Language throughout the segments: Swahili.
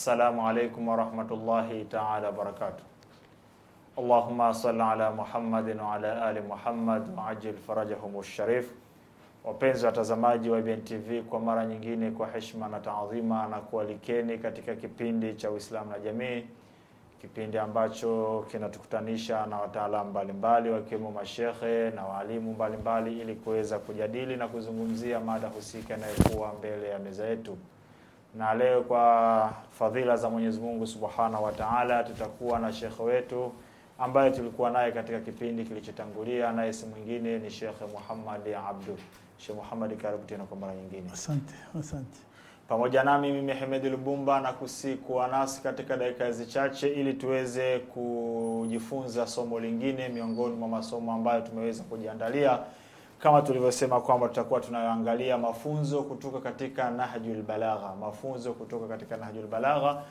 Assalamu alaikum warahmatullahi taala wabarakatuh. Allahumma salli ala Muhammadin wa ala ali Muhammad wa ajil farajahum sharif. Wapenzi watazamaji wa IBN TV, kwa mara nyingine, kwa heshima na taadhima, na kualikeni katika kipindi cha Uislamu na Jamii, kipindi ambacho kinatukutanisha na wataalamu mbalimbali wakiwemo mashekhe na waalimu mbalimbali ili kuweza kujadili na kuzungumzia mada husika inayokuwa mbele ya meza yetu na leo kwa fadhila za Mwenyezi Mungu Subhanahu wa Ta'ala, tutakuwa na shekhe wetu ambaye tulikuwa naye katika kipindi kilichotangulia, naye si mwingine ni Shekhe Muhammad Abdu. Shekhe Muhammad, karibu tena kwa mara nyingine. Asante, asante. Pamoja nami mimi Hemedi Lubumba na kusikuwa nasi katika dakika hizi chache, ili tuweze kujifunza somo lingine miongoni mwa masomo ambayo tumeweza kujiandalia kama tulivyosema kwamba tutakuwa tunayoangalia mafunzo kutoka katika Nahjul Balagha, mafunzo kutoka katika Nahjul Balagha.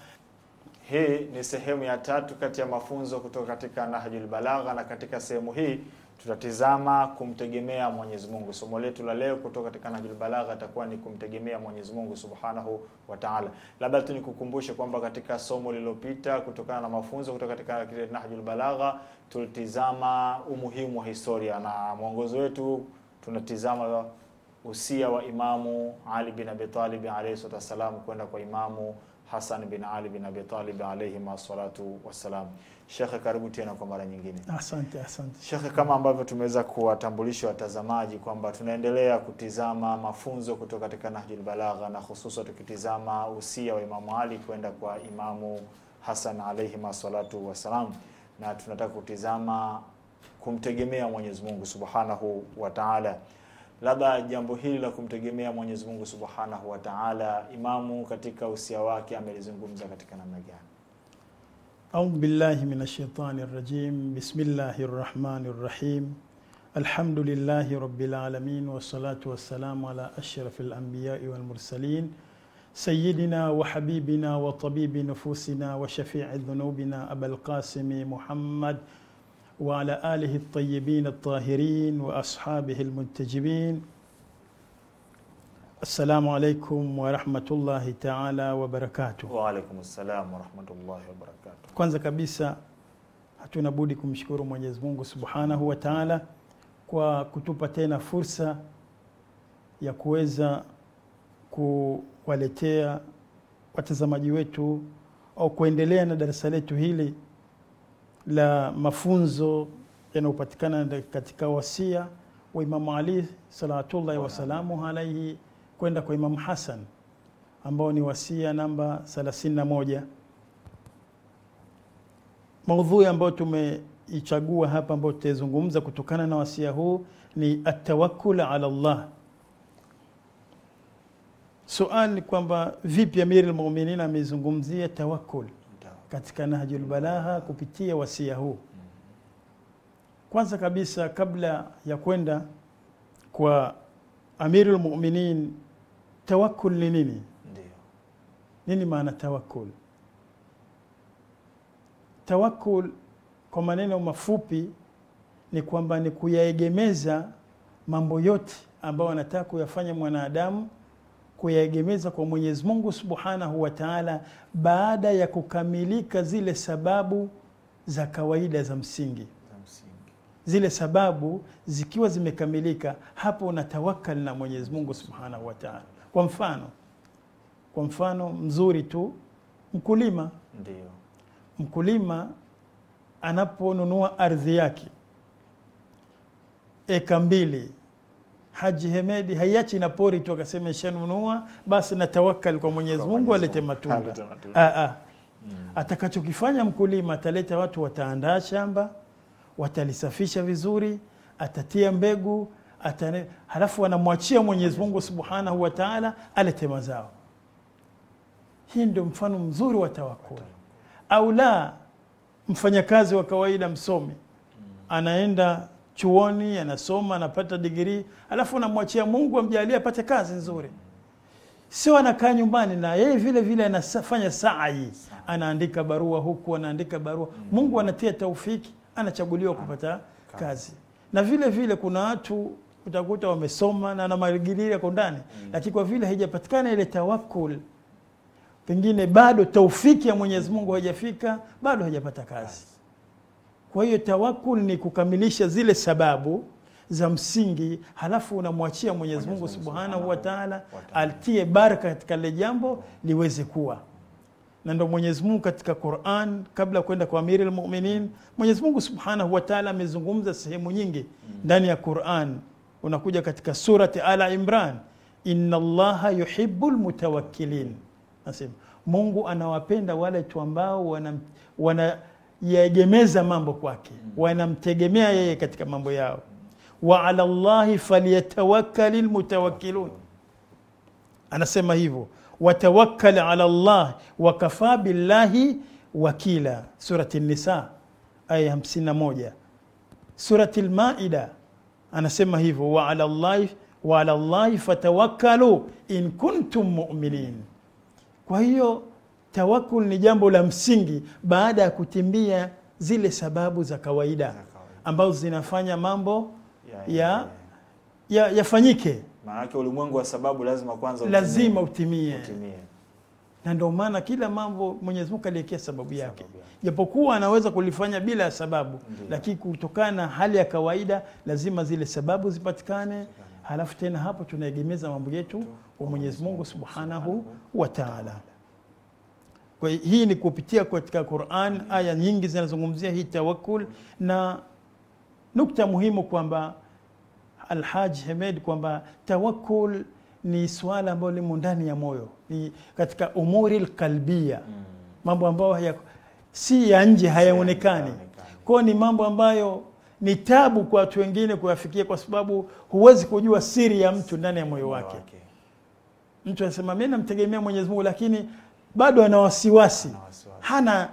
Hii ni sehemu ya tatu kati ya mafunzo kutoka katika Nahjul Balagha, na katika sehemu hii tutatizama kumtegemea Mwenyezi Mungu. Somo letu la leo kutoka katika Nahjul Balagha itakuwa ni kumtegemea Mwenyezi Mungu Subhanahu wa Ta'ala. Labda tu nikukumbushe kwamba katika somo lililopita, kutokana na mafunzo kutoka katika Nahjul Balagha, tulitizama umuhimu wa historia na mwongozo wetu tunatizama usia wa Imamu Ali bin Abi Talib alayhi salatu wassalam kwenda kwa Imamu Hasan bin Ali bin Abi Talib alayhi salatu wassalam. Shekhe, karibu tena kwa mara nyingine. Asante, asante. Shekhe, kama ambavyo tumeweza kuwatambulisha watazamaji kwamba tunaendelea kutizama mafunzo kutoka katika Nahjul Balagha na hususa tukitizama usia wa Imamu Ali kwenda kwa Imamu Hasan alayhi salatu wassalam na tunataka kutizama kumtegemea Mwenyezi Mungu Subhanahu wa Ta'ala. Labda jambo hili la kumtegemea Mwenyezi Mungu Subhanahu wa Ta'ala, imamu katika usia wake amelizungumza katika namna gani? A'udhu billahi minash shaitani rrajim. Bismillahir rahmanir rahim. Alhamdulillahi rabbil alamin wassalatu wassalamu ala ashrafil anbiya'i wal mursalin sayyidina wa habibina wa tabibi nufusina wa shafi'i dhunubina abul qasimi Muhammad wla alihi الطيبين الطاهرين وأصحابه المنتجبين السلام عليكم ورحمة الله تعالى وبركاته kwanza kabisa hatuna budi kumshukuru mwenyezimungu Subhanahu wa Ta'ala kwa kutupa tena fursa ya kuweza kuwaletea watazamaji wetu au kuendelea na darasa letu hili la mafunzo yanayopatikana katika wasia wa Imamu Ali salawatullahi wasalamu alaihi kwenda kwa Imamu Hasan ambao ni wasia namba 31. Maudhui ambayo tumeichagua hapa ambayo tutaizungumza kutokana na wasia huu ni atawakkul ala Allah. Suali kwamba vipi Amiri lmuminin amezungumzia tawakul katika Nahjul Balagha kupitia wasia huu. Kwanza kabisa kabla ya kwenda kwa Amirul Mu'minin, tawakkul ni nini? Nini maana tawakkul? Tawakkul kwa maneno mafupi ni kwamba ni kuyaegemeza mambo yote ambayo anataka kuyafanya mwanadamu kuyaegemeza kwa Mwenyezi Mungu Subhanahu wa Ta'ala baada ya kukamilika zile sababu za kawaida za msingi. Zile sababu zikiwa zimekamilika, hapo unatawakkal na Mwenyezi Mungu Subhanahu wa Ta'ala. Kwa mfano, kwa mfano mzuri tu mkulima, ndio mkulima anaponunua ardhi yake eka mbili Haji Hemedi haiachi na pori tu, akasema ishanunua basi na tawakal kwa Mwenyezi Mungu alete matunda. Ah, ah. Atakachokifanya mkulima ataleta watu, wataandaa shamba, watalisafisha vizuri, atatia mbegu atane, halafu anamwachia Mwenyezi Mungu Subhanahu wa Ta'ala alete mazao. Hii ndio mfano mzuri wa tawakul. Au la, mfanyakazi wa kawaida msomi mm. anaenda chuoni, anasoma anapata digrii, alafu anamwachia Mungu amjalie apate kazi nzuri. Sio anakaa nyumbani na yeye vile vile anafanya sa'i, anaandika barua huku, anaandika barua. mm. Mungu anatia taufiki, anachaguliwa kupata kazi. Na vile vile kuna watu utakuta wamesoma na na madigrii yako ndani, mm. lakini kwa vile haijapatikana ile tawakul pengine bado taufiki ya Mwenyezi Mungu haijafika, bado hajapata kazi. yes. Kwa hiyo tawakul ni kukamilisha zile sababu za msingi, halafu unamwachia Mwenyezi Mungu Subhanahu wa Ta'ala altie baraka katika lile jambo liweze kuwa na ndo Mwenyezi Mungu katika Qur'an, kabla kwenda kwa Amiri al-Mu'minin, Mwenyezi Mungu Subhanahu wa Ta'ala amezungumza sehemu nyingi mm. ndani mm. ya Qur'an. Unakuja katika surati Ala Imran, inna Allaha yuhibbul mutawakkilin, nasema Mungu anawapenda wale tu ambao wana, wana yaegemeza mambo kwake, wanamtegemea yeye katika mambo yao. wa ala llahi falyatawakkali lmutawakkilun, anasema hivyo watawakkal ala llah wakafa billahi wakila, surati Nisa aya 51. Surati Lmaida anasema hivyo wa ala llahi wa ala llahi fatawakkalu in kuntum muminin. Kwa hiyo Tawakul ni jambo la msingi baada ya kutimbia zile sababu za kawaida ambazo zinafanya mambo ya yafanyike ya, ya maanake ulimwengu wa sababu lazima kwanza utimie, lazima utimie, utimie. Na ndio maana kila mambo Mwenyezi Mungu aliwekea sababu yake, japokuwa anaweza kulifanya bila ya sababu, lakini kutokana na hali ya kawaida lazima zile sababu zipatikane. Halafu tena hapo tunaegemeza mambo yetu kwa Mwenyezi Mungu Subhanahu wa Ta'ala. Kwa hii ni kupitia katika Qur'an, aya nyingi zinazungumzia hii tawakkul, na nukta muhimu kwamba Alhaj Hemed kwamba tawakkul ni swala ambalo limo ndani ya moyo, ni katika umuri lqalbia, mm. mambo ambayo haya, si ya nje, hayaonekani. kwa ni mambo ambayo ni tabu kwa watu wengine kuyafikia, kwa sababu huwezi kujua siri ya mtu ndani ya moyo wake. Mtu anasema mimi namtegemea Mwenyezi Mungu, lakini bado ana wasiwasi, hana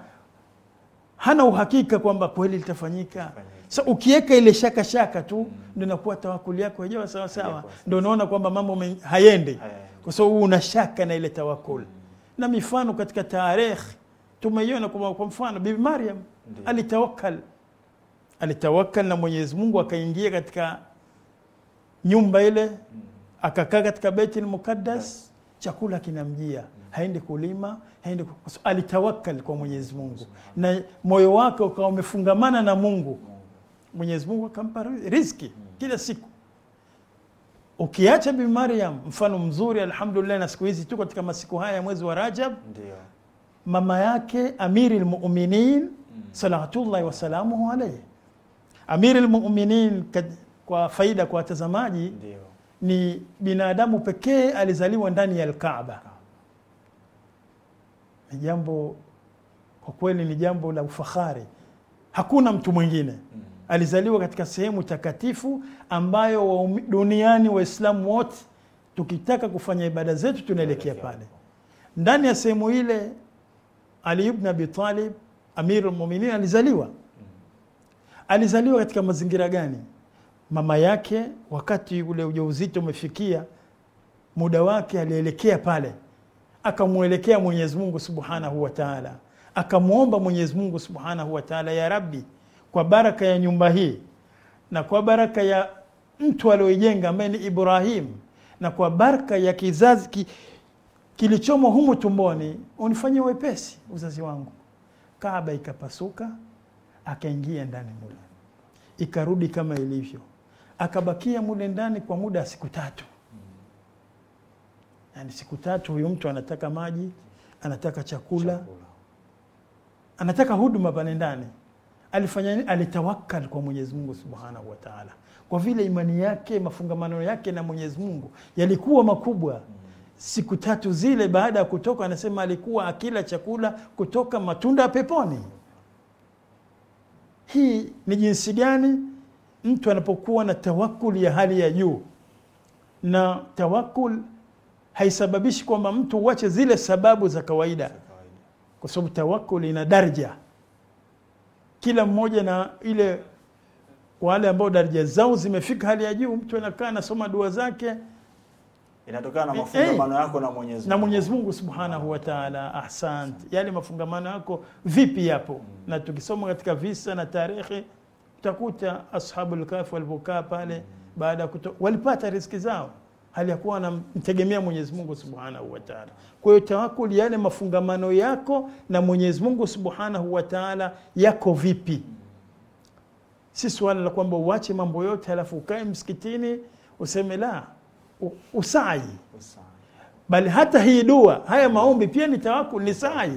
hana uhakika kwamba kweli litafanyika. Sa so, ukiweka ile shaka shaka tu mm. ndio inakuwa tawakuli yako yajawa sawa sawa, ndo unaona kwamba mambo hayendi, kwa sababu una shaka na ile tawakul mm. na mifano katika tarehe tumeiona kwa mfano Bibi Maryam alitawakal alitawakal na Mwenyezi Mungu akaingia katika nyumba ile mm. akakaa katika Baitul Muqaddas, chakula kinamjia haendi kulima, haendi Alitawakal kwa Mwenyezi Mungu na moyo wake ukawa umefungamana na Mungu. Mwenyezi Mungu akampa riziki kila siku. Ukiacha Bi Maryam, mfano mzuri alhamdulillah, na siku hizi tu katika masiku haya ya mwezi wa Rajab, ndio mama yake Amiri lmuminin mm. salawatullahi wasalamuhu alaihi. Amiri lmuminin kwa faida kwa watazamaji, ni binadamu pekee alizaliwa ndani ya Alkaaba ni jambo kwa kweli, ni jambo la ufahari. Hakuna mtu mwingine mm Alizaliwa katika sehemu takatifu ambayo wa duniani Waislamu wote tukitaka kufanya ibada zetu tunaelekea pale. Ndani ya sehemu ile Ali ibn Abi Talib Amirul Mu'minin alizaliwa. Mm. Alizaliwa katika mazingira gani? Mama yake wakati ule ujauzito umefikia muda wake, alielekea pale akamwelekea Mwenyezi Mungu Subhanahu wa Ta'ala, akamwomba Mwenyezi Mungu Subhanahu wa Ta'ala, ya Rabbi, kwa baraka ya nyumba hii na kwa baraka ya mtu aliyoijenga ambaye ni Ibrahim na kwa baraka ya kizazi ki, kilichomo humu tumboni unifanyie wepesi uzazi wangu. Kaaba ikapasuka, akaingia ndani mule, ikarudi kama ilivyo, akabakia mule ndani kwa muda wa siku tatu yani siku tatu huyu mtu anataka maji, anataka chakula, chakula. anataka huduma pale ndani. Alifanya nini? Alitawakal kwa Mwenyezi Mungu Subhanahu wa Ta'ala, kwa vile imani yake mafungamano yake na Mwenyezi Mungu yalikuwa makubwa. Mm. Siku tatu zile baada ya kutoka, anasema alikuwa akila chakula kutoka matunda ya peponi. Hii ni jinsi gani mtu anapokuwa na tawakul ya hali ya juu na tawakul haisababishi kwamba mtu uache zile sababu za kawaida, kwa sababu tawakkul ina daraja, kila mmoja na ile. Wale ambao daraja zao zimefika hali ya juu, mtu anakaa anasoma dua zake, inatokana na eh, mafungamano eh, yako na Mwenyezi na Mwenyezi Mungu Subhanahu wa Ta'ala. Ahsante, yale mafungamano yako vipi yapo? hmm. na tukisoma katika visa na tarehe utakuta ashabul kahfi walipokaa pale, mm. baada ya walipata riziki zao hali ya kuwa anamtegemea Mwenyezi Mungu Subhanahu wa Ta'ala. Kwa hiyo tawakkul, yale mafungamano yako na Mwenyezi Mungu Subhanahu wa Ta'ala yako vipi? Si swala la kwamba uache mambo yote halafu ukae msikitini useme la usai, usai. Bali hata hii dua, haya maombi pia ni tawakkul, ni sai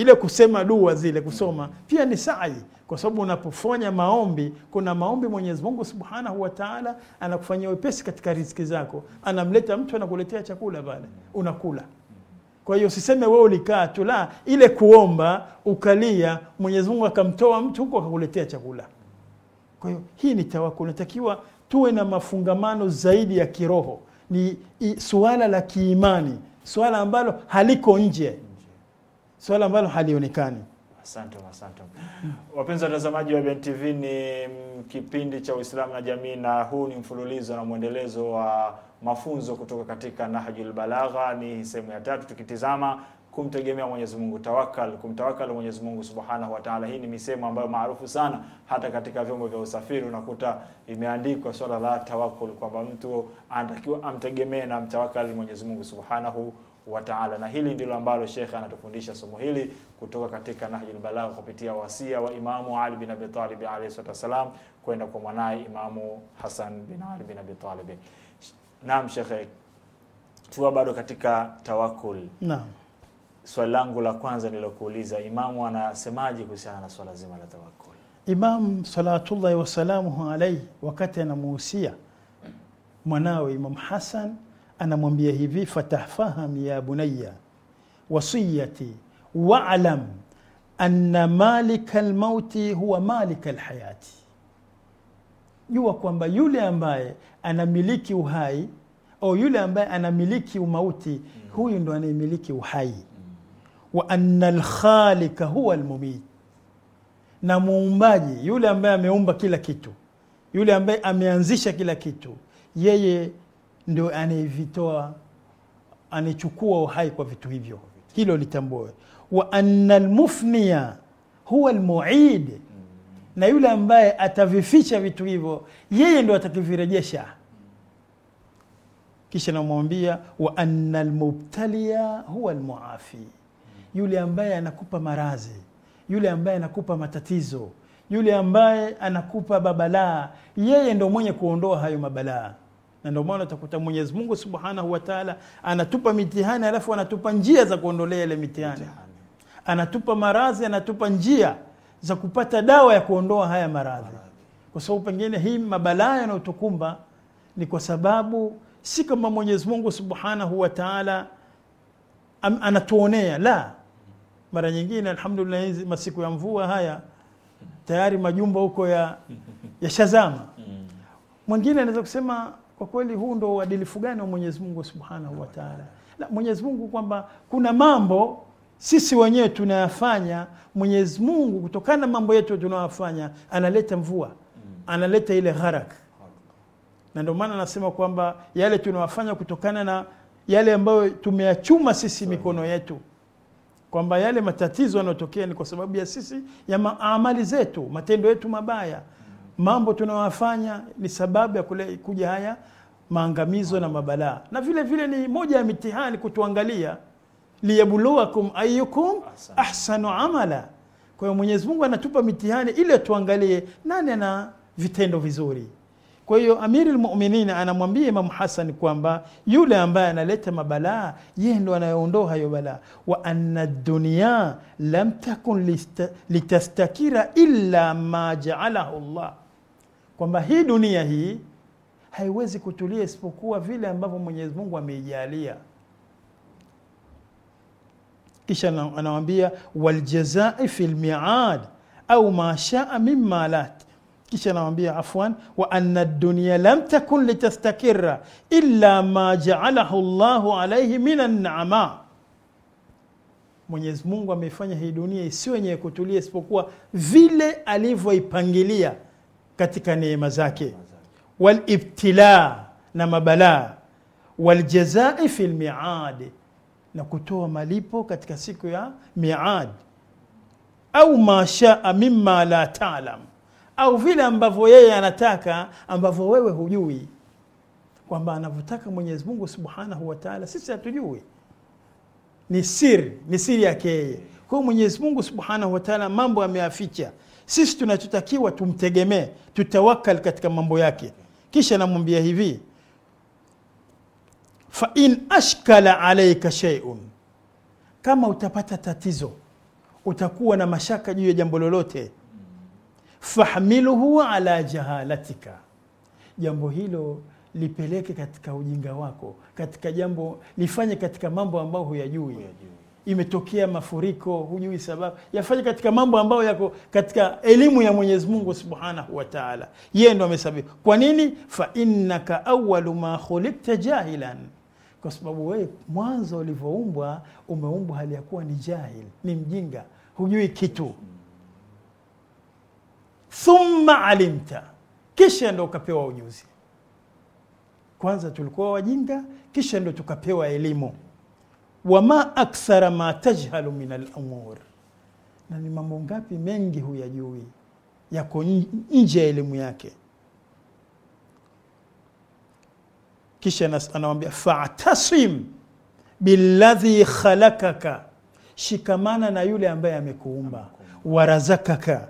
ile kusema dua zile kusoma pia ni sai, kwa sababu unapofanya maombi, kuna maombi Mwenyezi Mungu Subhanahu wa Ta'ala anakufanyia wepesi katika riziki zako, anamleta mtu anakuletea chakula pale, unakula. Kwa hiyo usiseme wewe ulikaa tu, la, ile kuomba ukalia, Mwenyezi Mungu akamtoa mtu huko akakuletea chakula. Kwa hiyo hii ni tawakul, natakiwa tuwe na mafungamano zaidi ya kiroho, ni i, suala la kiimani, suala ambalo haliko nje swala ambalo halionekani. Asante, asante. Wapenzi watazamaji wa tv ni mm, kipindi cha Uislamu na jamii, na huu ni mfululizo na mwendelezo wa mafunzo kutoka katika Nahjul Balagha. Ni sehemu ya tatu tukitizama kumtegemea Mwenyezi Mungu, tawakal, kumtawakal Mwenyezi Mungu Subhanahu wa Ta'ala. Hii ni misemo ambayo maarufu sana, hata katika vyombo vya usafiri unakuta imeandikwa swala la tawakul, kwamba mtu anatakiwa amtegemee na mtawakal Mwenyezi Mungu Subhanahu wa taala. Na hili ndilo ambalo shekhe anatufundisha somo hili kutoka katika Nahjul Balagha kupitia wasia wa Imamu Ali bin Abi Talib alayhi salatu wasalam kwenda kwa mwanaye Imamu Hasan bin Ali bin Abi Talib. Naam shekhe, tuwa bado katika tawakul. Naam. Swali langu la kwanza nilokuuliza, imamu anasemaje kuhusiana na swala zima la tawakul? Imam salawatullahi wasalamuhu alaihi, wakati anamuhusia mwanawe Imam Hasan anamwambia hivi fatafaham ya bunaya wasiyati walam anna malika lmauti huwa malika lhayati jua kwamba yule ambaye anamiliki uhai au yule ambaye anamiliki umauti mm. huyu ndo anayemiliki uhai wa anna lkhalika huwa lmumit na muumbaji yule ambaye ameumba kila kitu yule ambaye ameanzisha kila kitu yeye ndio anayevitoa anayechukua uhai kwa vitu hivyo, hilo litambue. Wa anna almufnia huwa almuid, na yule ambaye atavificha vitu hivyo yeye ndo atakivirejesha. Kisha namwambia wa anna almubtalia huwa almuafi, yule ambaye anakupa marazi, yule ambaye anakupa matatizo, yule ambaye anakupa babalaa, yeye ndo mwenye kuondoa hayo mabalaa na ndio maana utakuta Mwenyezi Mungu Subhanahu wa Ta'ala anatupa mitihani alafu anatupa njia za kuondolea ile mitihani. Anatupa maradhi, anatupa njia za kupata dawa ya kuondoa haya maradhi, kwa sababu pengine hii mabalaa yanayotukumba ni kwa sababu si kama Mwenyezi Mungu Subhanahu wa Ta'ala anatuonea la mara nyingine, alhamdulillah, hizi masiku ya mvua haya tayari majumba huko ya shazama mm. Mwingine anaweza kusema kwa kweli huu ndo uadilifu gani wa Mwenyezi Mungu Subhanahu wa Ta'ala? La, Mwenyezi Mungu kwamba kuna mambo sisi wenyewe tunayafanya, Mwenyezi Mungu kutokana na mambo yetu tunayofanya analeta mvua, mm. analeta ile gharak, na ndio maana anasema kwamba yale tunayofanya kutokana na yale ambayo tumeyachuma sisi mikono yetu kwamba yale matatizo yanayotokea ni kwa sababu ya sisi ya maamali zetu, matendo yetu mabaya mambo tunayoyafanya ni sababu ya kule, kuja haya maangamizo na mabalaa, na vile vile ni moja ya mitihani kutuangalia, liyabluwakum ayukum ahsanu amala. Kwa hiyo Mwenyezi Mungu anatupa mitihani ili tuangalie nani ana vitendo vizuri. Kwa hiyo Amiri lmuminini anamwambia Imamu Hasani kwamba yule ambaye analeta mabalaa yeye ndo anayeondoa hayo balaa. wa anna dunia lam takun litastakira illa ma jaalahu llah kwamba hii dunia hii haiwezi kutulia isipokuwa vile ambavyo Mwenyezi Mungu ameijalia. Kisha anawambia waljazai fi lmiad au ma shaa mimma lat. Kisha anawambia afwan, wa anna dunya lam takun litastakira illa ma jaalahu llahu alaihi min annama. Mwenyezi Mungu ameifanya hii dunia isiwe yenye kutulia isipokuwa vile alivyoipangilia katika neema zake walibtilaa na mabalaa waljazai fi lmiadi na kutoa malipo katika siku ya miad au ma shaa mima la talam au vile ambavyo yeye anataka ambavyo wewe hujui kwamba anavyotaka mwenyezimungu subhanahu wataala sisi hatujui ni siri ni siri yake yeye kwa hiyo Mwenyezi Mungu Subhanahu wa Ta'ala mambo ameyaficha. Sisi tunachotakiwa tumtegemee, tutawakal katika mambo yake. Kisha namwambia hivi, fa in ashkala alayka shay'un, kama utapata tatizo, utakuwa na mashaka juu ya jambo lolote, fahmiluhu ala jahalatika, jambo hilo lipeleke katika ujinga wako, katika jambo lifanye katika mambo ambayo huyajui imetokea mafuriko, hujui sababu. Yafanye katika mambo ambayo yako katika elimu ya Mwenyezi Mungu Subhanahu wa Ta'ala, yeye ndo amesababisha. Kwa nini? fa innaka awalu ma khulikta jahilan, kwa sababu wewe mwanzo ulivyoumbwa umeumbwa hali ya kuwa ni jahil, ni mjinga, hujui kitu. Thumma alimta, kisha ndo ukapewa ujuzi. Kwanza tulikuwa wajinga, kisha ndo tukapewa elimu wama akthara ma tajhalu min alamur, na ni mambo ngapi mengi huyajui yako nje ya elimu yake. Kisha anawambia fatasim billadhi khalakaka, shikamana na yule ambaye amekuumba, warazakaka,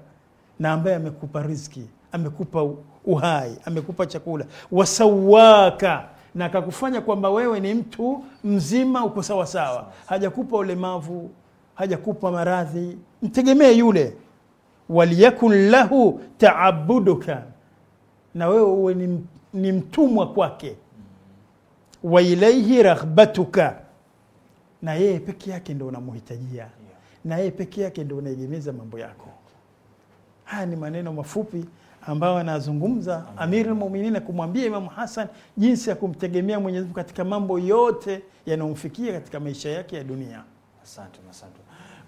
na ambaye amekupa riziki, amekupa uhai, amekupa chakula, wasawaka na akakufanya kwamba wewe ni mtu mzima, uko sawasawa, hajakupa ulemavu, hajakupa maradhi, mtegemee yule. Waliyakun lahu taabuduka, na wewe uwe ni, ni mtumwa kwake. wa ilaihi raghbatuka, na yeye peke yake ndo unamuhitajia na yeye peke yake ndo unaegemeza mambo yako. Haya ni maneno mafupi ambayo anazungumza Amirul Mu'minin kumwambia Imamu Hasan jinsi ya kumtegemea Mwenyezi Mungu katika mambo yote yanayomfikia katika maisha yake ya dunia. Asante, asante.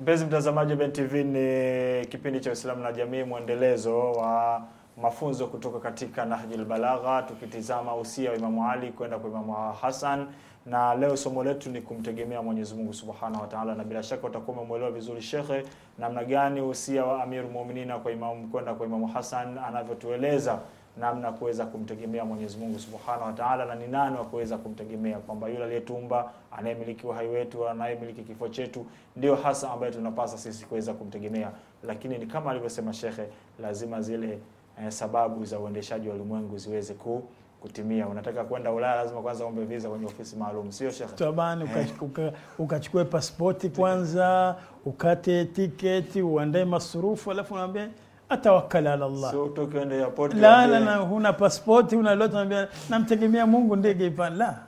Mpenzi mtazamaji, wa TV ni kipindi cha Uislamu na Jamii, mwendelezo wa mafunzo kutoka katika Nahjul Balagha, tukitizama usia wa Imamu Ali kwenda kwa Imamu Hasan na leo somo letu ni kumtegemea Mwenyezi Mungu Subhanahu wa Ta'ala, na bila shaka utakuwa umemuelewa vizuri shekhe, namna gani usia wa Amir Muuminina kwa Imam kwenda kwa Imamu Hassan anavyotueleza namna kuweza kumtegemea Mwenyezi Mungu Subhanahu wa Ta'ala, na ni nani wa kuweza kumtegemea, kwamba yule aliyetumba, anayemiliki uhai wetu, anayemiliki kifo chetu, ndio hasa ambaye tunapasa sisi kuweza kumtegemea. Lakini ni kama alivyosema shekhe, lazima zile eh, sababu za uendeshaji wa ulimwengu ziweze ku kutimia. Unataka kwenda Ulaya, lazima kwanza ombe visa kwenye ofisi maalum, sio shekhe? Tabani eh. ukachukue uka, pasipoti kwanza, ukate tiketi, uandae masurufu, alafu unaambia atawakkal ala Allah. So utoke uende airport la la na huna pasipoti, una lolote, unaambia namtegemea Mungu ndege ipande la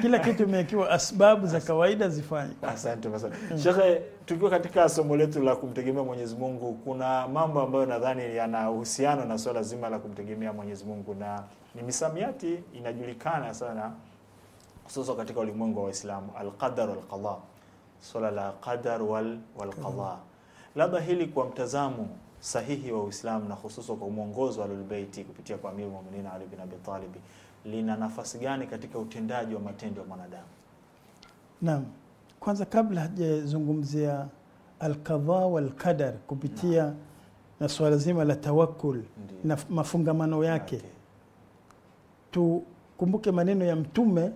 kila kitu imewekewa asbabu za kawaida zifanye. Asante sana mm. Shekhe, tukiwa katika somo letu la kumtegemea Mwenyezi Mungu, kuna mambo ambayo nadhani yana uhusiano na swala zima la kumtegemea Mwenyezi Mungu na ni misamiati inajulikana sana hususan katika ulimwengu wa Waislamu, alqadar walqadha, swala la qadar wal walqadha. Labda hili kwa mtazamo sahihi wa Uislamu na hususan kwa mwongozo wa Ahlulbeiti kupitia kwa Amir Mu'minin Ali bin Abi Talib lina nafasi gani katika utendaji wa matendo ya mwanadamu? Naam, kwanza kabla hajazungumzia alqadha walqadar kupitia na, na swala zima la tawakkul na mafungamano yake okay tukumbuke maneno ya mtume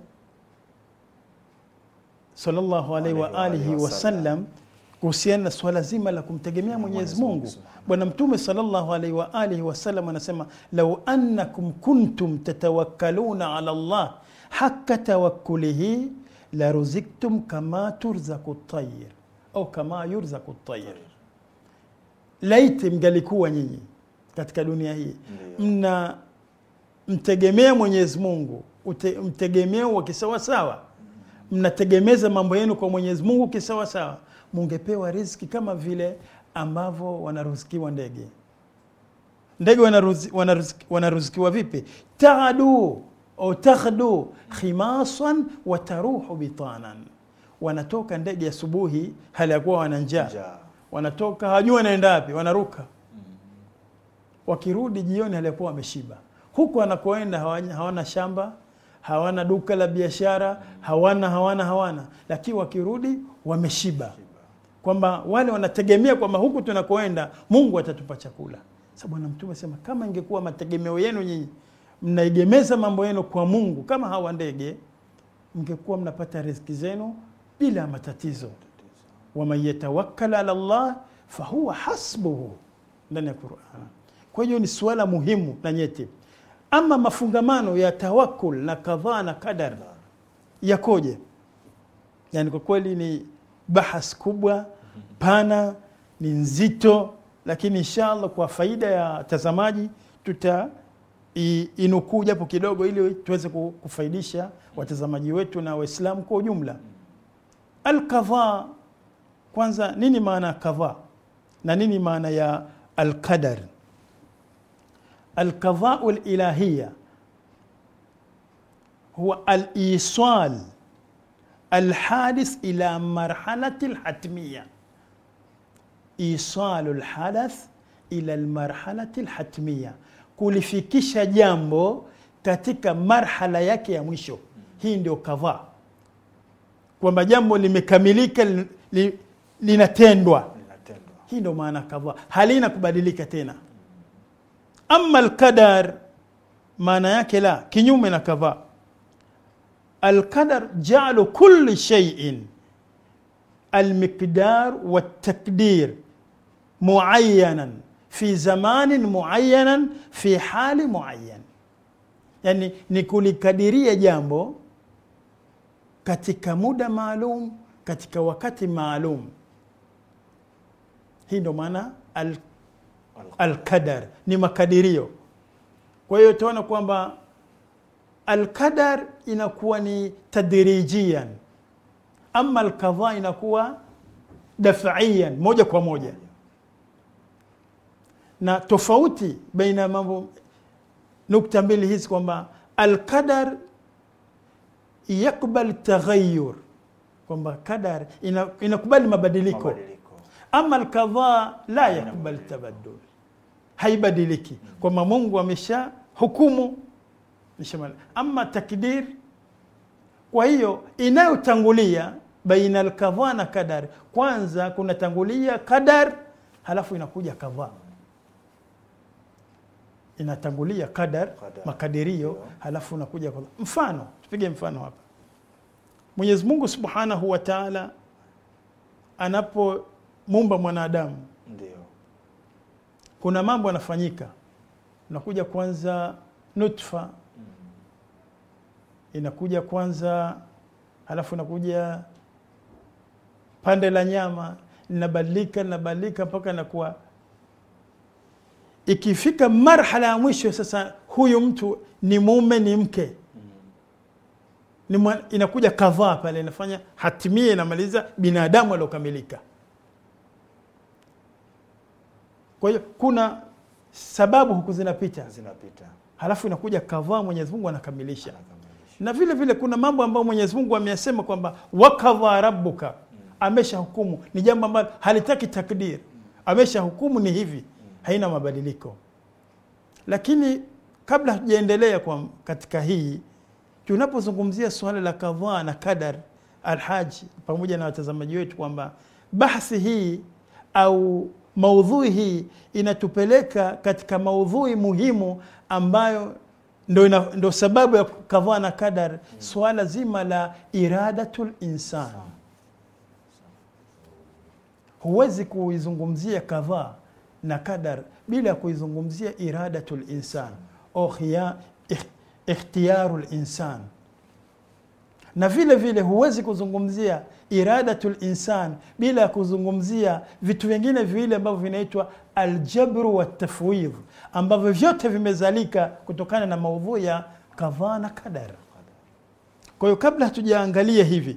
sallallahu alaihi wa alihi wasallam kuhusiana na swala zima la kumtegemea Mwenyezi Mungu. Bwana Mtume sallallahu alaihi wa alihi wasallam anasema, lau annakum kuntum tatawakkaluna ala Allah haka tawakkulihi la ruziktum kama turzaku tayr au kama yurzaku tayr, laiti mgalikuwa nyinyi katika dunia hii mna mtegemee Mwenyezi Mungu, mtegemee wa kisawasawa, mnategemeza mambo yenu kwa Mwenyezi Mungu kisawasawa, mungepewa riziki kama vile ambavyo wanaruzikiwa ndege. Ndege wanaruzikiwa vipi? tadu au takhdu khimasan wataruhu bitanan, wanatoka ndege asubuhi hali ya kuwa wana njaa, wanatoka hajui wanaenda wapi, wanaruka, wakirudi jioni hali ya kuwa wameshiba huku anakoenda hawana, shamba hawana duka la biashara hawana hawana hawana, lakini wakirudi wameshiba, kwamba wale wanategemea kwamba huku tunakoenda Mungu atatupa chakula. Sasa Mtume asema kama ingekuwa mategemeo yenu nyinyi mnaegemeza mambo yenu kwa Mungu kama hawa ndege, mngekuwa mnapata riski zenu bila matatizo. waman yatawakkal ala llah fahuwa hasbuhu, ndani ya Qur'an. Kwa hiyo ni suala muhimu na nyeti. Ama mafungamano ya tawakul na kadhaa na qadar yakoje? Yani kwa kweli ni bahas kubwa pana, ni nzito, lakini inshallah kwa faida ya tazamaji tuta inukuu japo kidogo, ili tuweze kufaidisha watazamaji wetu na Waislamu kwa ujumla. Alqadha, kwanza nini maana ya kadhaa na nini maana ya alqadar? القضاء lilahiya huwa الإيصال الحادث ila مرحلة الحتمية إيصال الحدث إلى المرحلة الحتمية kulifikisha jambo katika marhala yake ya mwisho hii ndio kadhaa kwamba jambo limekamilika li, linatendwa. hii ndio maana kadhaa halina kubadilika tena ama alqadar maana yake la kinyume na kadhaa. Alqadar jaalu kulli shay'in almiqdar watakdir muayyanan fi zamanin muayyanan fi hali muayyan, yani ni kulikadiria jambo katika muda maalum katika wakati maalum. Hii ndo maana alqadar ni makadirio kwa hiyo utaona kwamba alqadar inakuwa ni tadrijian ama alqadha inakuwa dafiyan moja kwa moja na tofauti baina ya mambo nukta mbili hizi kwamba alqadar yakbal taghayur kwamba qadar inakubali mabadiliko, mabadiliko ama alkadhaa la yakbal tabaddul, haibadiliki kwamba Mungu amesha hukumu Ama takdir, kwa hiyo inayotangulia baina alkadhaa na kadar, kwanza kunatangulia kadar, halafu inakuja kadhaa inatangulia kadar, makadirio yeah. Halafu unakuja kwa mfano, tupige mfano hapa. Mwenyezi Mungu Subhanahu wa Ta'ala anapo muumba mwanadamu ndio kuna mambo yanafanyika unakuja kwanza nutfa mm. inakuja kwanza halafu inakuja pande la nyama linabadilika linabadilika mpaka inakuwa ikifika marhala ya mwisho sasa huyu mtu ni mume ni mke mm. ni inakuja kadhaa pale inafanya hatimie inamaliza binadamu aliokamilika Kwa hiyo kuna sababu huku zinapita zinapita, halafu inakuja kadhaa, Mwenyezi Mungu anakamilisha. Anakamilisha na vile vile kuna mambo ambayo Mwenyezi Mungu ameyasema kwamba wakadha rabbuka mm. amesha hukumu, ni jambo ambalo halitaki takdir mm. amesha hukumu ni hivi mm. haina mabadiliko. Lakini kabla hatujaendelea kwa katika hii, tunapozungumzia suala la kadhaa na kadar, Alhaji pamoja na watazamaji wetu kwamba bahsi hii au maudhui hii inatupeleka katika maudhui muhimu ambayo ndo, ina, ndo sababu ya kukavaa na kadar hmm. Swala zima la iradatu linsan huwezi kuizungumzia kadhaa na kadar bila ya kuizungumzia iradatu linsan au ikhtiyaru linsan, na vile vile huwezi kuzungumzia iradatul insan bila ya kuzungumzia vitu vingine viwili ambavyo vinaitwa aljabru watafwidh ambavyo vyote vimezalika kutokana na maudhui ya kadhaa na kadar Kwa hiyo kabla hatujaangalia hivi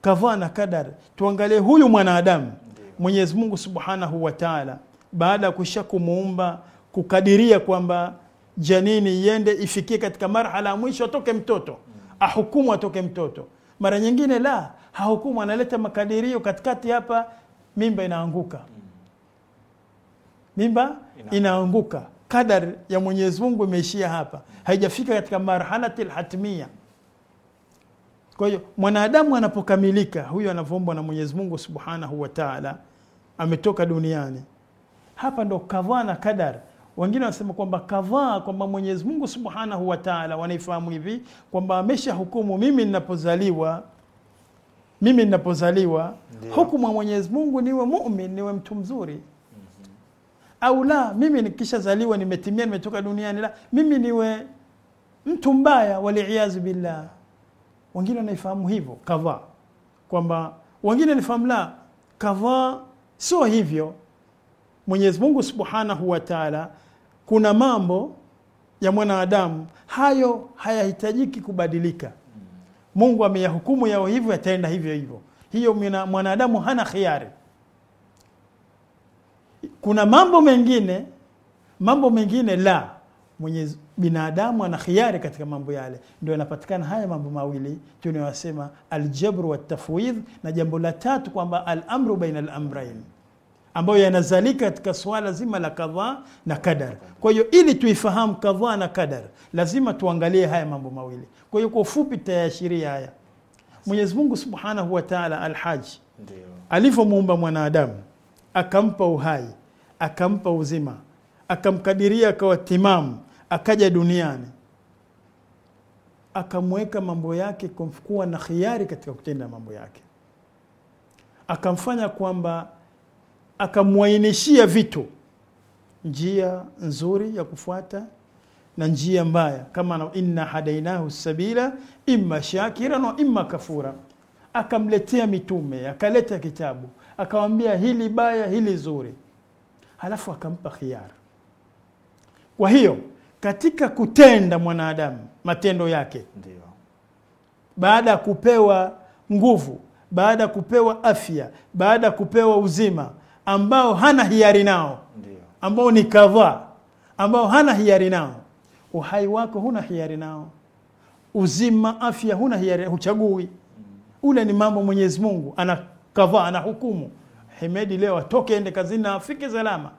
kadhaa na kadar tuangalie huyu mwanadamu Mwenyezi Mungu subhanahu wa taala baada ya kuisha kumuumba kukadiria kwamba janini iende ifikie katika marhala ya mwisho atoke mtoto, ahukumu atoke mtoto mara nyingine la hahukumu analeta makadirio katikati hapa mimba inaanguka mimba inaanguka kadar ya mwenyezi mungu imeishia hapa haijafika katika marhalati lhatmia kwa hiyo mwanadamu anapokamilika huyo anavombwa na mwenyezi mungu subhanahu wa taala ametoka duniani hapa ndo kavaa na kadari wengine wanasema kwamba kadhaa, kwamba Mwenyezi Mungu Subhanahu wa Ta'ala, wanaifahamu hivi kwamba amesha hukumu mimi ninapozaliwa mimi ninapozaliwa yeah. hukumu ya Mwenyezi Mungu niwe mumin, niwe mtu mzuri mm -hmm. au la, mimi nikishazaliwa nimetimia, nimetoka duniani, la mimi niwe mtu mbaya, waliiazu billah. Wengine wanaifahamu hivyo kadhaa, kwamba wengine nifahamu la kadhaa, sio hivyo. Mwenyezi Mungu Subhanahu wa Ta'ala kuna mambo ya mwanadamu hayo hayahitajiki kubadilika. Mungu ameyahukumu yao hivyo, yataenda hivyo hivyo. Hiyo mwanadamu hana khiari. Kuna mambo mengine, mambo mengine la mwenye binadamu ana khiari katika mambo yale, ndio yanapatikana haya mambo mawili tunayosema aljabru watafwidh, na jambo la tatu kwamba alamru baina alamrain ambayo yanazalika katika suala zima la kadhaa na kadar. Kwa hiyo ili tuifahamu kadhaa na kadar, lazima tuangalie haya mambo mawili. Kwa hiyo kwa ufupi tayashiria haya. Mwenyezi Mungu Subhanahu wa Ta'ala, Alhaji alivyomuumba mwanadamu akampa uhai akampa uzima akamkadiria akawa timamu, akaja duniani akamweka mambo yake kuwa na khiari katika kutenda mambo yake, akamfanya kwamba akamwainishia vitu, njia nzuri ya kufuata na njia mbaya, kama inna hadainahu sabila imma shakiran wa imma kafura. Akamletea mitume, akaleta kitabu, akawambia hili baya, hili zuri, halafu akampa khiara. Kwa hiyo katika kutenda mwanadamu matendo yake, ndio baada ya kupewa nguvu, baada ya kupewa afya, baada ya kupewa uzima ambao hana hiari nao Ndiyo. ambao ni kadhaa ambao hana hiari nao uhai wako huna hiari nao uzima afya huna hiari huchagui ule ni mambo mwenyezi mungu anakavaa ana hukumu hemedi leo atoke ende kazini na afike salama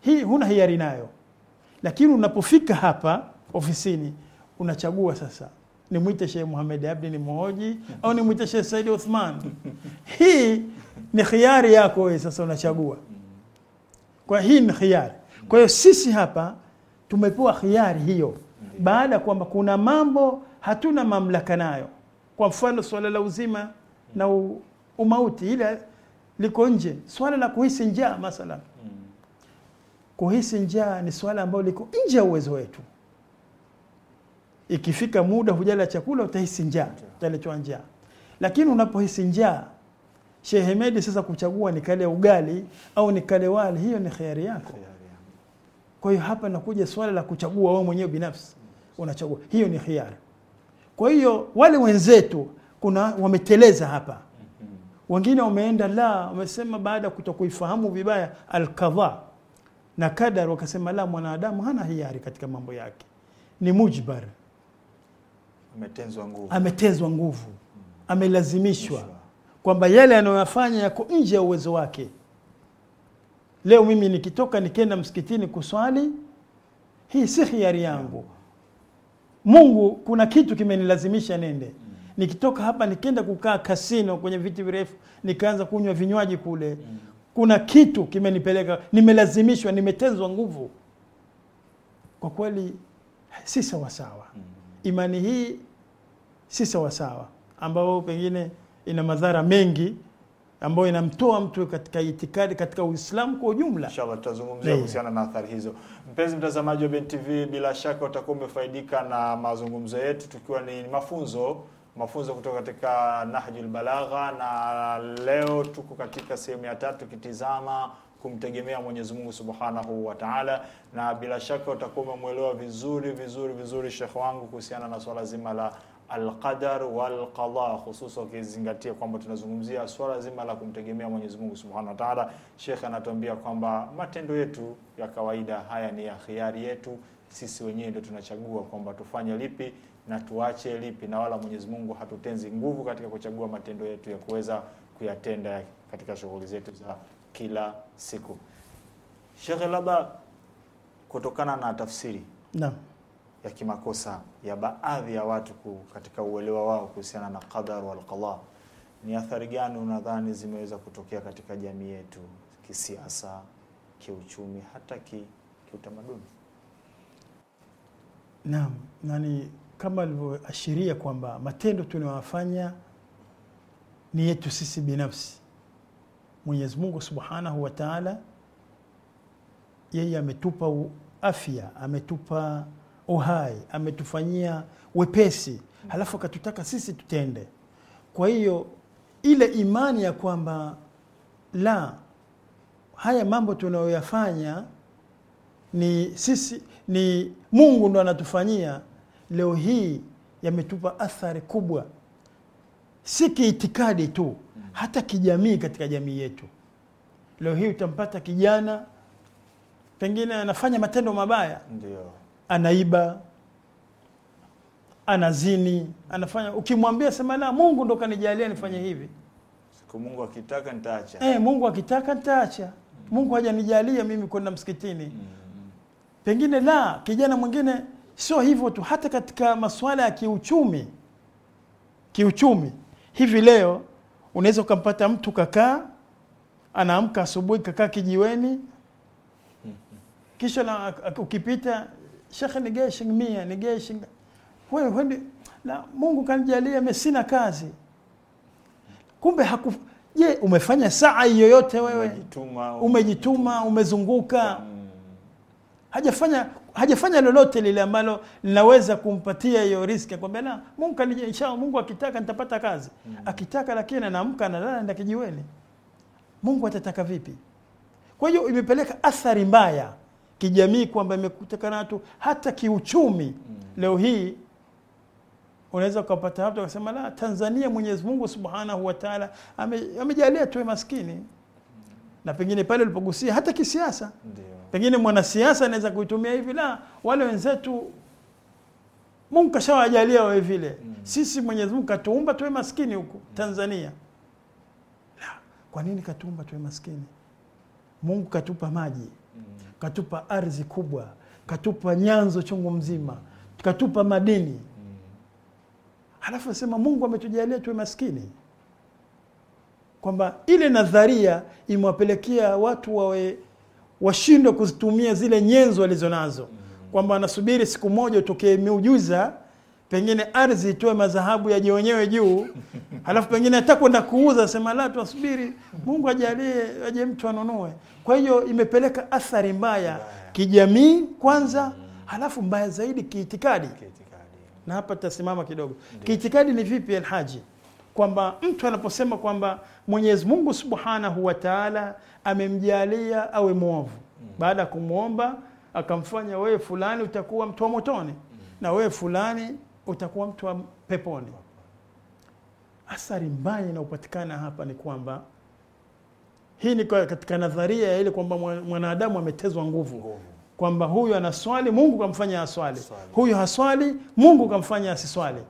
hii huna hiari nayo lakini unapofika hapa ofisini unachagua sasa nimwite Sheikh Muhammad Abdi ni mhoji au nimwite Sheikh Said Uthman? Hii ni khiari yako wewe, sasa unachagua. Kwa hii ni khiari. Kwa hiyo sisi hapa tumepewa khiari hiyo, baada ya kwamba kuna mambo hatuna mamlaka nayo, kwa mfano swala la uzima na umauti, ile liko nje. Swala la kuhisi njaa, masala hmm. kuhisi njaa ni swala ambalo liko nje ya uwezo wetu. Ikifika muda hujala chakula utahisi njaa, utaletewa njaa. Lakini unapohisi njaa, Sheikh Hemedi sasa kuchagua nikale ugali au nikale wali, hiyo ni khiari yako. Kwa hiyo hapa nakuja swala la kuchagua wewe mwenyewe binafsi, unachagua, hiyo ni khiari. Kwa hiyo wale wenzetu kuna wameteleza hapa, wengine wameenda la, wamesema baada ya kutokuifahamu vibaya alqadha na kadar, wakasema la, mwanadamu hana hiari katika mambo yake, ni mujbar ametenzwa nguvu, ametenzwa nguvu, hmm. amelazimishwa kwamba yale anayoyafanya yako nje ya uwezo wake. Leo mimi nikitoka nikienda msikitini kuswali, hii si hiari yangu. Mungu kuna kitu kimenilazimisha nende. Hmm. Nikitoka hapa nikienda kukaa kasino kwenye viti virefu, nikaanza kunywa vinywaji kule, hmm. kuna kitu kimenipeleka, nimelazimishwa, nimetezwa nguvu. Kwa kweli si sawasawa. Imani hii si sawasawa, ambao pengine ina madhara mengi ambayo inamtoa mtu katika itikadi katika Uislamu kwa ujumla. Inshallah tutazungumzia eh. kuhusiana na athari hizo. Mpenzi mtazamaji wa BNTV, bila shaka utakuwa umefaidika na mazungumzo yetu, tukiwa ni mafunzo mafunzo kutoka katika Nahjul Balagha, na leo tuko katika sehemu ya tatu kitizama kumtegemea Mwenyezi Mungu Subhanahu wa Ta'ala, na bila shaka utakuwa umemwelewa vizuri vizuri vizuri Sheikh wangu kuhusiana na swala zima la alqadar walqada, hususa ukizingatia kwamba tunazungumzia swala zima la kumtegemea Mwenyezi Mungu subhanahu wa anatuambia kwamba matendo yetu ya kawaida haya ni ya khiari yetu sisi wenyewe, ndio tunachagua kwamba tufanye lipi na tuache lipi, na wala Mwenyezi Mungu hatutenzi nguvu katika kuchagua matendo yetu ya kuweza kuyatenda katika shughuli zetu za kila siku. shekhe labda kutokana na tafsiri, naam ya kimakosa ya baadhi ya watu ku, katika uelewa wao kuhusiana na qadar wal qada. Ni athari gani unadhani zimeweza kutokea katika jamii yetu kisiasa, kiuchumi, hata ki, kiutamaduni? Naam, nani kama alivyoashiria kwamba matendo tunayofanya ni yetu sisi binafsi. Mwenyezi Mungu Subhanahu wa Ta'ala yeye ametupa afya, ametupa uhai, ametufanyia wepesi, halafu akatutaka sisi tutende. Kwa hiyo ile imani ya kwamba la haya mambo tunayoyafanya ni sisi ni Mungu ndo anatufanyia, leo hii yametupa athari kubwa, si kiitikadi tu, hata kijamii, katika jamii yetu. Leo hii utampata kijana pengine anafanya matendo mabaya, ndio anaiba, anazini, anafanya. Ukimwambia sema la, Mungu ndo kanijalia nifanye hivi, siku Mungu akitaka nitaacha. Eh, Mungu akitaka nitaacha. Mungu hajanijalia mimi kwenda msikitini. mm -hmm. Pengine la kijana mwingine sio hivyo tu, hata katika masuala ya kiuchumi. Kiuchumi hivi leo unaweza ukampata mtu kakaa, anaamka asubuhi kakaa kijiweni, kisha ukipita shekhe, nigeshe mia nigeshe wewe na Mungu kanijalia mimi sina kazi, kumbe haku je, umefanya saa yoyote wewe? Umejituma, umejituma umezunguka, mm. hajafanya hajafanya lolote lile ambalo linaweza kumpatia hiyo riski, akwambia la, Mungu kanija, Mungu akitaka nitapata kazi mm. Akitaka lakini anaamka analala naenda kijiweni, Mungu atataka vipi? Kwa hiyo imepeleka athari mbaya kijamii kwamba imekutana watu hata kiuchumi mm. Leo hii unaweza ukapata watu wakasema la Tanzania, Mwenyezi Mungu Subhanahu wa Ta'ala amejalia ame tuwe maskini mm. Na pengine pale ulipogusia hata kisiasa Ndiyo. Pengine mwanasiasa anaweza kuitumia hivi la wale wenzetu Mungu kashawajalia wawe vile mm. Sisi Mwenyezi Mungu katuumba tuwe maskini huku mm. Tanzania la, kwa nini katuumba tuwe maskini? Mungu katupa maji katupa ardhi kubwa, katupa nyanzo chungu mzima, katupa madini, halafu asema Mungu ametujalia tuwe maskini, kwamba ile nadharia imewapelekea watu wawe washindwe kuzitumia zile nyenzo walizonazo, mm. kwamba wanasubiri siku moja utokee miujiza pengine ardhi itoe madhahabu yaje wenyewe juu, alafu pengine atakwenda kuuza, sema la, tuasubiri Mungu ajalie aje mtu anunue. Kwa hiyo imepeleka athari mbaya kijamii kwanza, mm. halafu mbaya zaidi kiitikadi, na hapa tutasimama kidogo. Kiitikadi ni vipi, Alhaji? kwamba mtu anaposema kwamba Mwenyezi Mungu Subhanahu wa Ta'ala amemjalia awe mwovu mm. baada ya kumwomba akamfanya wewe fulani utakuwa mtu wa motoni mm. na wewe fulani utakuwa mtu wa peponi. Athari mbaya inayopatikana hapa ni kwamba hii ni katika nadharia ya ile kwamba mwanadamu ametezwa nguvu, kwamba huyu anaswali Mungu kamfanya aswali, huyu haswali Mungu kamfanya asiswali.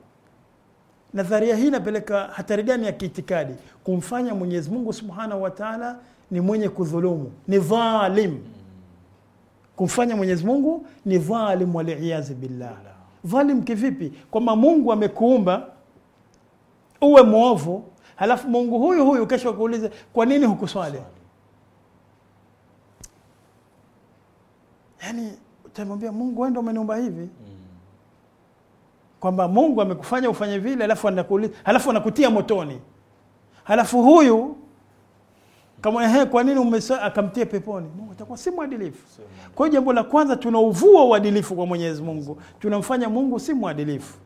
Nadharia hii inapeleka hatari gani ya kiitikadi? Kumfanya Mwenyezi Mungu subhanahu wa taala ni mwenye kudhulumu, ni dhalim. Mm. Kumfanya Mwenyezi Mungu ni dhalim, waliyazi billah. Dhalimu kivipi? Kwamba Mungu amekuumba uwe mwovu, halafu Mungu huyu huyu kesho akuulize kwa nini hukuswali? Yaani utamwambia Mungu, wewe ndio umeniumba hivi Kwamba Mungu amekufanya ufanye vile, halafu anakuuliza, halafu anakutia motoni, halafu huyu ehe, kwa nini umesa akamtia peponi? Mungu atakuwa si mwadilifu. Kwa hiyo jambo la kwanza tunauvua uadilifu kwa Mwenyezi Mungu, tunamfanya Mungu si mwadilifu,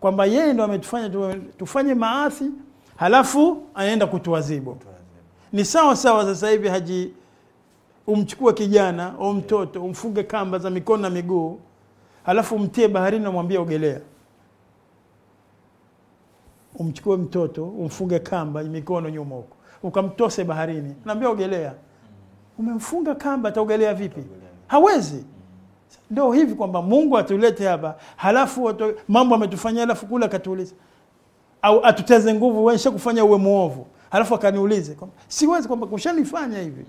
kwamba yeye ndo ametufanya tufanye maasi halafu anaenda kutuadhibu. Ni sawa sawa sasa hivi haji umchukue kijana au mtoto umfunge kamba za mikono na miguu halafu umtie baharini na mwambie ogelea. Umchukue mtoto umfunge kamba mikono nyuma huko ukamtose baharini, naambia ogelea, umemfunga kamba, ataogelea vipi? Hawezi. Ndio hivi kwamba Mungu atulete hapa halafu watu, mambo ametufanyia, halafu kule akatuuliza au atuteze nguvu, wewe kufanya uwe muovu, halafu akaniulize kwamba siwezi, kwamba kushanifanya hivi,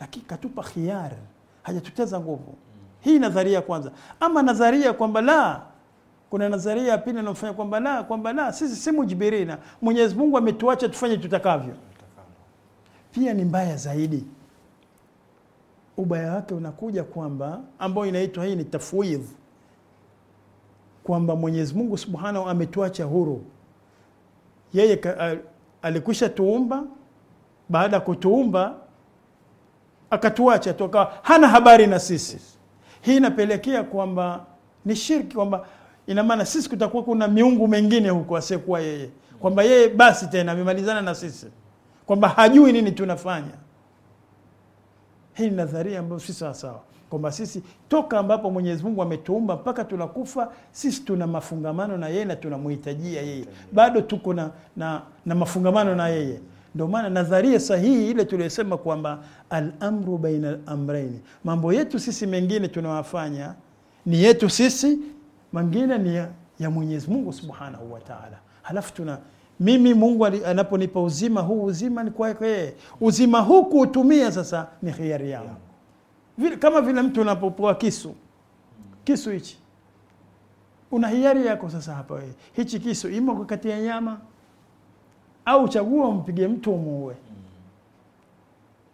lakini katupa khiari, hajatuteza nguvu. Hii nadharia kwanza. Ama nadharia kwamba la kuna nadharia ya pili inayofanya kwamba la kwamba la sisi si mujibirina, Mwenyezi Mungu ametuacha tufanye tutakavyo pia ni mbaya zaidi. Ubaya wake unakuja kwamba, ambayo inaitwa hii ni tafwidh, kwamba Mwenyezi Mungu Subhanahu ametuacha huru. Yeye alikwisha tuumba, baada ya kutuumba akatuacha tukawa hana habari na sisi. Hii inapelekea kwamba ni shirki, kwamba ina maana sisi kutakuwa kuna miungu mengine huko asiyekuwa yeye, kwamba yeye basi tena amemalizana na sisi kwamba hajui nini tunafanya. Hii ni nadharia ambayo si sawasawa, kwamba sisi toka ambapo Mwenyezi Mungu ametuumba mpaka tunakufa sisi tuna mafungamano na yeye na tunamhitajia yeye, bado tuko na, na, na mafungamano na yeye. Ndio maana nadharia sahihi ile tuliosema kwamba alamru baina lamraini, mambo yetu sisi mengine tunawafanya ni yetu sisi, mengine ni ya, ya Mwenyezi Mungu subhanahu wataala alafu halafu tuna mimi Mungu anaponipa uzima huu, uzima ni kwake yeye. Uzima huu kuutumia sasa ni hiari yangu, vile kama vile mtu unapopoa kisu, kisu hichi una hiari yako sasa. Hapa wewe, hichi kisu ima kati ya nyama au chagua umpige mtu umuue.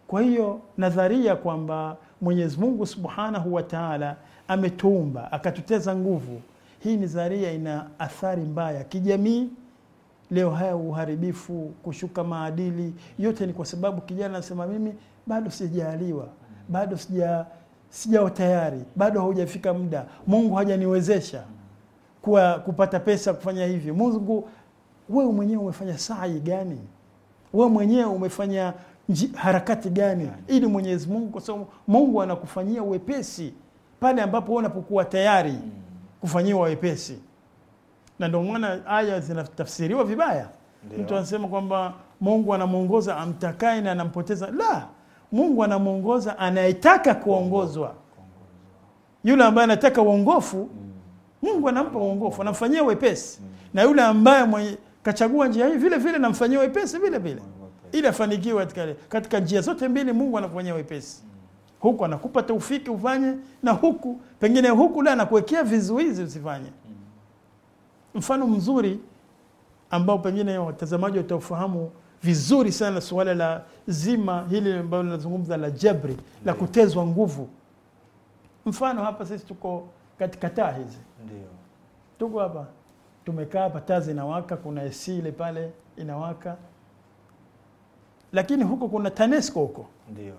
Kwa hiyo nadharia kwamba Mwenyezi Mungu Subhanahu wa Ta'ala ametuumba akatuteza nguvu, hii nadharia ina athari mbaya kijamii leo haya uharibifu, kushuka maadili, yote ni kwa sababu kijana anasema mimi bado sijaaliwa, bado sija sijao tayari, bado haujafika muda, Mungu hajaniwezesha kuwa kupata pesa kufanya hivi. Mungu, wewe mwenyewe umefanya sai gani? Wewe mwenyewe umefanya harakati gani ili Mwenyezi Mungu, kwa sababu Mungu anakufanyia wepesi pale ambapo unapokuwa tayari mm. kufanyiwa wepesi na ndio maana aya zinatafsiriwa vibaya. Mtu anasema kwamba Mungu anamuongoza amtakaye na anampoteza. La, Mungu anamuongoza anayetaka kuongozwa. Yule ambaye anataka uongofu, mm. Mungu anampa uongofu, anamfanyia wepesi, na yule ambaye mwenye kachagua njia hii vile vile namfanyia wepesi vile vile, ili afanikiwe katika katika njia zote mbili. Mungu anafanyia wepesi, huku anakupa taufiki ufanye, na huku pengine huku la anakuwekea vizuizi usifanye. Mfano mzuri ambao pengine watazamaji watafahamu vizuri sana suala la zima hili ambalo linazungumza la jabri Ndiyo. la kutezwa nguvu. Mfano hapa sisi tuko katika taa hizi, Ndiyo. tuko hapa tumekaa hapa, taa zinawaka, kuna AC ile pale inawaka, lakini huko kuna TANESCO huko Ndiyo.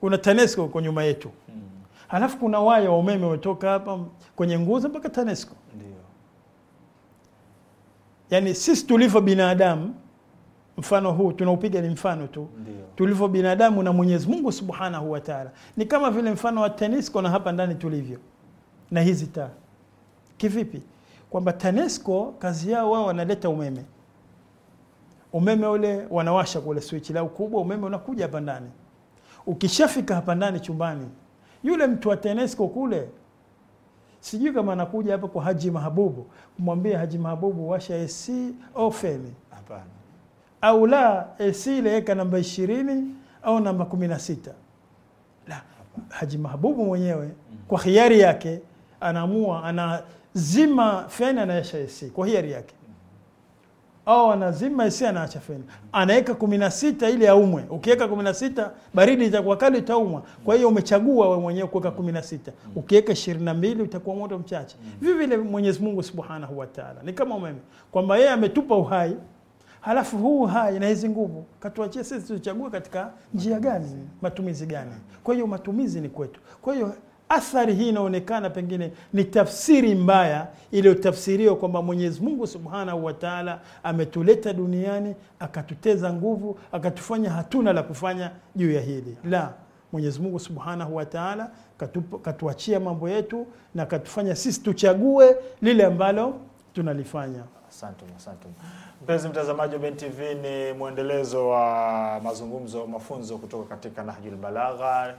kuna TANESCO huko nyuma yetu mm. halafu kuna waya wa umeme umetoka hapa kwenye nguzo mpaka TANESCO Ndiyo yani sisi tulivyo binadamu mfano huu tunaupiga ni mfano tu tulivyo binadamu na Mwenyezi Mungu Subhanahu wa Ta'ala, ni kama vile mfano wa TANESCO na hapa ndani tulivyo na hizi taa. Kivipi? Kwamba TANESCO kazi yao wao wanaleta umeme, umeme ule wanawasha kule switch lao kubwa, umeme unakuja hapa ndani. Ukishafika hapa ndani chumbani, yule mtu wa TANESCO kule Sijui kama anakuja hapa kwa Haji Mahabubu kumwambia Haji Mahabubu washa AC ofeli, hapana. Au la AC ileweka namba ishirini au namba kumi na sita. La, Haji Mahabubu mwenyewe mm. kwa hiari yake anaamua anazima feni, anawasha AC kwa hiari yake au oh, anazima isi anaacha feni, anaweka kumi na sita ili aumwe. Ukiweka kumi na sita baridi itakuwa kali, utaumwa. Kwa hiyo umechagua wewe mwenyewe kuweka kumi na sita. Ukiweka ishirini na mbili utakuwa moto mchache. vivile vile Mwenyezi Mungu subhanahu wataala ni kama umeme, kwamba yeye ametupa uhai, halafu huu uhai na hizi nguvu katuachie sisi tuchague katika njia gani, matumizi gani. Kwa hiyo matumizi ni kwetu, kwa hiyo athari hii inaonekana pengine ni tafsiri mbaya iliyotafsiriwa kwamba Mwenyezi Mungu subhanahu wa taala ametuleta duniani akatuteza nguvu akatufanya hatuna la kufanya juu ya hili la Mwenyezi Mungu subhanahu wa taala katuachia mambo yetu na katufanya sisi tuchague lile ambalo tunalifanya. Asantum, asantum. Mpenzi mtazamaji wa BNTV, ni mwendelezo wa mazungumzo mafunzo kutoka katika Nahjul Balagha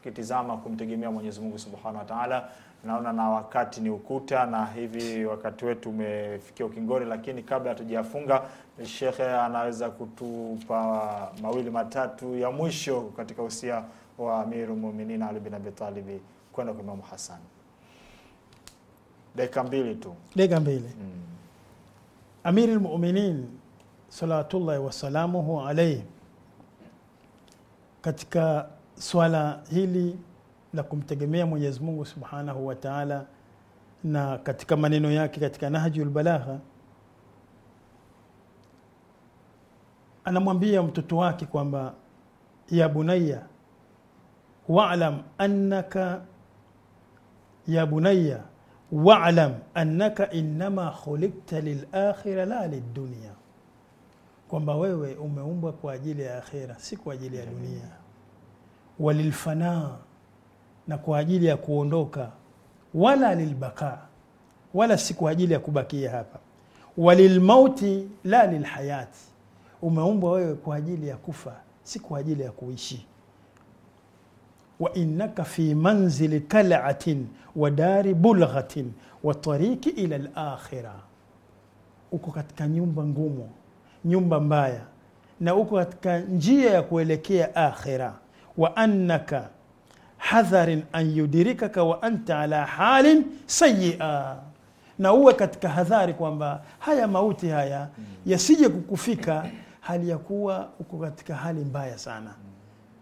tukitizama kumtegemea Mwenyezi Mungu Subhanahu wa Ta'ala. Naona na wakati ni ukuta, na hivi wakati wetu umefikia ukingoni, lakini kabla hatujafunga, shekhe anaweza kutupa mawili matatu ya mwisho katika usia wa Amiru Mu'minin Ali bin Abi Talib kwenda kwa Imamu Hasan. Dakika mbili tu, dakika mbili. Hmm. Amirul Mu'minin salawatullahi wasalamuhu alaihi katika swala hili la kumtegemea Mwenyezi Mungu Subhanahu wa Ta'ala, na katika maneno yake katika Nahjul Balagha anamwambia mtoto wake kwamba ya bunayya wa'lam annaka ya bunayya wa'lam annaka inma khuliqta lilakhirah la lidunya, kwamba wewe umeumbwa kwa ajili ya akhira, si kwa ajili ya dunia walilfanaa, na kwa ajili ya kuondoka, wala lilbaqa, wala si kwa ajili ya kubakia hapa, walilmauti la lilhayati. Umeumbwa wewe kwa ajili ya kufa, si kwa ajili ya kuishi. Wa innaka fi manzili kalatin wa dari bulghatin wa tariki ila lakhira, uko katika nyumba ngumu, nyumba mbaya, na uko katika njia ya kuelekea akhira wa annaka hadharin an yudirikaka wa anta ala halin sayia, na uwe katika hadhari kwamba haya mauti haya yasije kukufika hali ya kuwa uko katika hali mbaya sana,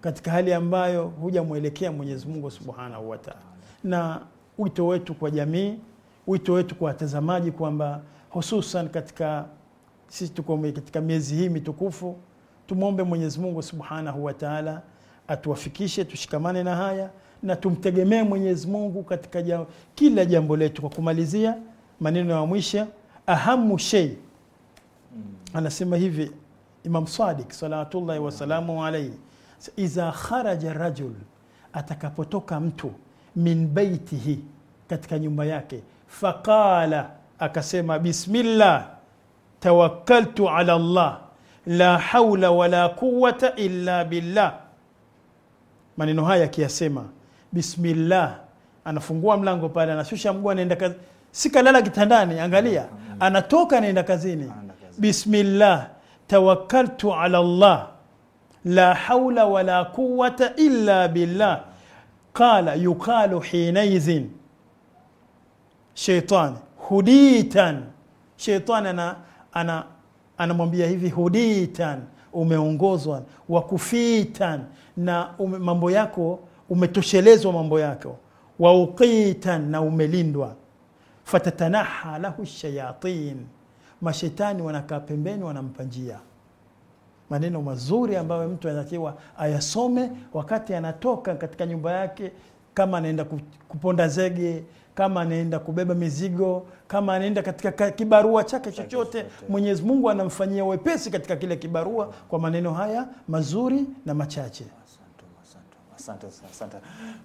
katika hali ambayo hujamwelekea Mwenyezi Mungu Subhanahu wa Ta'ala. Na wito wetu kwa jamii, wito wetu kwa watazamaji kwamba hususan katika sisi tuko katika miezi hii mitukufu, tumwombe Mwenyezi Mungu Subhanahu wa Ta'ala atuwafikishe tushikamane na haya na tumtegemee Mwenyezi Mungu katika jam, kila jambo letu. Kwa kumalizia maneno ya mwisho, ahamu shei mm. anasema hivi Imam Sadiq salawatullahi wasalamu alaihi, iza kharaja rajul, atakapotoka mtu min baitihi, katika nyumba yake, faqala, akasema bismillah tawakkaltu ala Allah la haula wala quwwata illa billah maneno haya akiyasema, bismillah, anafungua mlango pale, anashusha mguu, anaenda kazi, sikalala kitandani, angalia, anatoka anaenda kazini. Bismillah, tawakkaltu ala llah la haula wala quwata illa billah. Qala yuqalu hinaidhin shaitani huditan, shaitani anamwambia ana, ana hivi huditan umeongozwa kufitan na ume, mambo yako umetoshelezwa mambo yako uqitan na umelindwa fatatanaha lahu shayatin mashetani wanakaa pembeni wanampa njia maneno mazuri ambayo mtu anatakiwa ayasome wakati anatoka katika nyumba yake kama anaenda kuponda zege kama anaenda kubeba mizigo, kama anaenda katika kibarua chake chochote, Mwenyezi Mungu anamfanyia wepesi katika kile kibarua kwa maneno haya mazuri na machache. Asante, asante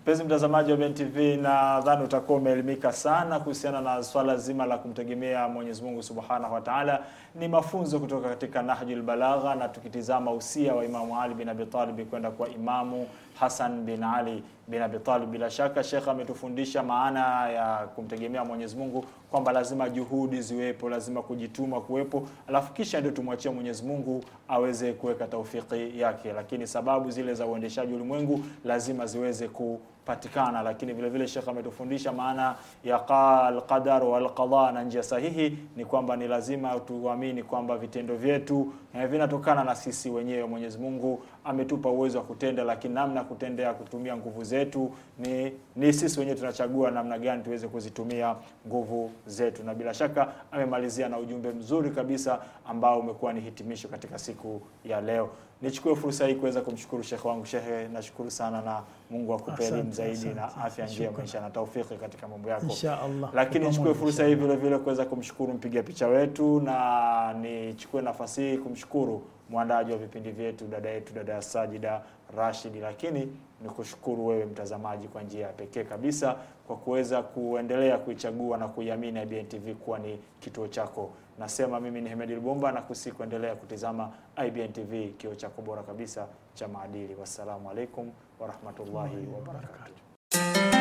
mpenzi mtazamaji wa BNTV, nadhani utakuwa umeelimika sana kuhusiana na swala zima la kumtegemea Mwenyezi Mungu Subhanahu wa Ta'ala ni mafunzo kutoka katika Nahjul Balagha, na tukitizama usia wa Imamu Ali bin Abi Talib kwenda kwa Imamu Hasan bin Ali bin Abi Talib, bila shaka Sheikh ametufundisha maana ya kumtegemea Mwenyezi Mungu, kwamba lazima juhudi ziwepo, lazima kujituma kuwepo, alafu kisha ndio tumwachie Mwenyezi Mungu aweze kuweka taufiki yake, lakini sababu zile za uendeshaji ulimwengu lazima ziweze ku patikana lakini vile vile Sheikh ametufundisha maana ya qal qadar wal qada, na njia sahihi ni kwamba ni lazima tuamini kwamba vitendo vyetu eh, vinatokana na sisi wenyewe. Mwenyezi Mungu ametupa uwezo wa kutenda, lakini namna kutendea kutumia nguvu zetu ni, ni sisi wenyewe tunachagua namna gani tuweze kuzitumia nguvu zetu. Na bila shaka amemalizia na ujumbe mzuri kabisa ambao umekuwa ni hitimisho katika siku ya leo nichukue fursa hii kuweza kumshukuru shekhe wangu. Shekhe, nashukuru sana na Mungu akupe elimu zaidi na afya njema insha na taufiki katika mambo yako insha Allah. Lakini nichukue fursa hii vile vile kuweza kumshukuru mpiga picha wetu na nichukue nafasi hii kumshukuru mwandaji wa vipindi vyetu dada yetu dada Sajida Rashid, lakini nikushukuru wewe mtazamaji kwa njia ya pekee kabisa kwa kuweza kuendelea kuichagua na kuiamini IBN TV kuwa ni kituo chako. Nasema mimi ni Hemedi Lubumba na kuendelea kutizama IBN TV, kio chako bora kabisa cha maadili. Wassalamu alaikum warahmatullahi wabarakatuh.